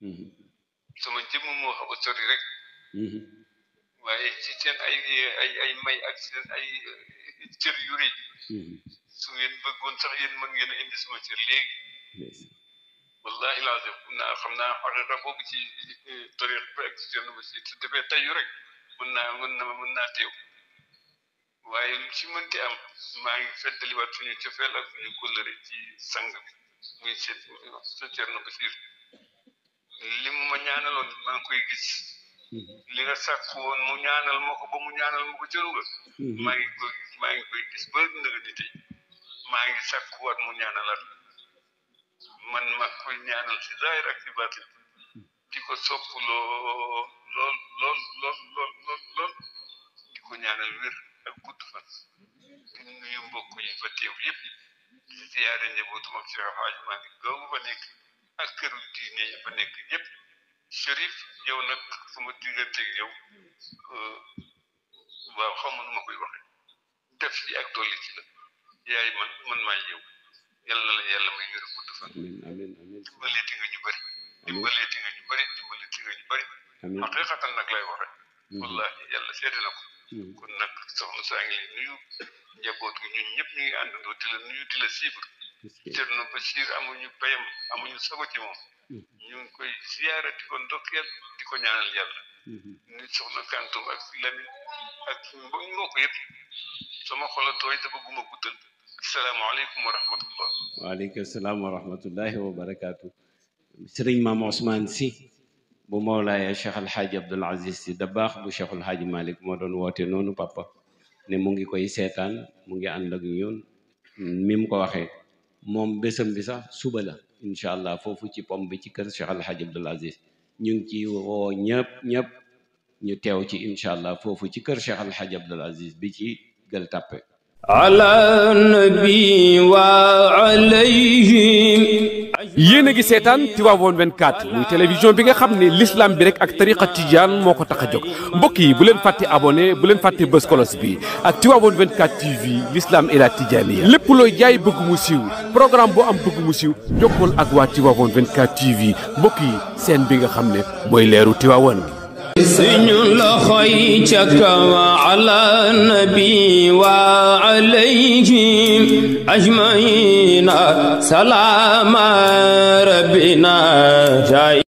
Mm-hmm. sama jëmm moo xaw a sori rek. Mm-hmm. waaye ci seen ay ay ay may ak seen ay eh, cër yu rëy. Mm-hmm. su ngeen bëggoon sax yéen mën ngeen a indi sama cër léegi. wallahi laazim mun naa xam naa xarala boobu ci eh, tariq bi ak ci seen te defee tayu rek mun naa mën na mën naa teew waaye lu ci mënti am maa ngi feddaliwaat suñu cofeel ci sang bi muy seet sa Cerno li mu ma ñaanaloon maa ngi koy gis mm-hmm. li nga sàkku woon mu ñaanal ma ko ba mu ñaanal ma ko nga mm-hmm. maa ngi koy gis ba nëga di tey maa ngi sàkkuwaat mu ñaanalaat man ma koy ñaanal si zaahir ak si baatin mm-hmm. di ko sopp lool lool lool lool lool lool lool ko ñaanal wér ak gudd fan di nuyu mbokk fa teew yëpp di ziyaare njabootu mag Cheikh Alhaji maa ngi googu fa nekk ak këru diine yi fa nekk yëpp Chérif yow nag sama digganteeg yow euh, waaw xaw ma koy waxee def ci ak dolli ci la yaay man man maay yow yàlla na la yàlla may wér gudd fan. amiin amiin nga ñu bëri. dimbaleeti nga ñu bëri dimbaleeti nga ñu bëri. amiin nag lay waxe mm-hmm. wallahi yàlla seede na ko. Mm-hmm. kon nag soxna saa ngi lay nuyu njaboot gi ñun ñëpp ñu ngi àndandoo di la nuyu di la siibre. Cerno Bachir amuñu payam amuñu sago ci moom mm-hmm. ñu ngi koy ziyaara di ko ndokkeel di ñaanal yàlla mm-hmm. ni soxna Kantum ak Lamin ak mbo mbokk yëpp sama xol a tooy te bëgguma guddal asalaamaaleykum wa rahmatullah waaleykum salaam wa rahmatullahi wa barakaatu sëriñ maam Ousmane si bu Mawlaaya Cheikh Alhaaji Abdoul Aziz si da baax bu Cheikh Alhaaji Malick moo doon woote noonu papa ne mu ngi koy seetaan mu ngi ànd ak ñun mi mu ko waxee moom bésam bi sax suba la incha allah foofu ci pom bi ci kër Cheikh Al Hadj Abdoul Aziz ñu ngi ci woo ñëpp ñëpp ñu teew ci incha allah foofu ci kër Cheikh Al Hadj Abdoul Aziz bi ci gël tàppe ala nabi wa alayhi yéen a ngi seetaan Tivaouane 24 muy télévision bi nga xam ne l'islam bi rek ak tariqa tijaan moo ko tax a jóg yi bu leen fàtte abonné bu leen fàtte bës kolos bi ak Tivaouane TV l'islam et la tijaaniya lépp looy jaay bëgg mu siiw programme bu am bëgg mu siiw jokkool ak waa Tivaouane 24 TV mbokk yi seen bi nga xam ne mooy leeru Tivaouane bi suñu loxo yi ca kaw ala nabi wa alayhim ajmain सलाम रबीना जाई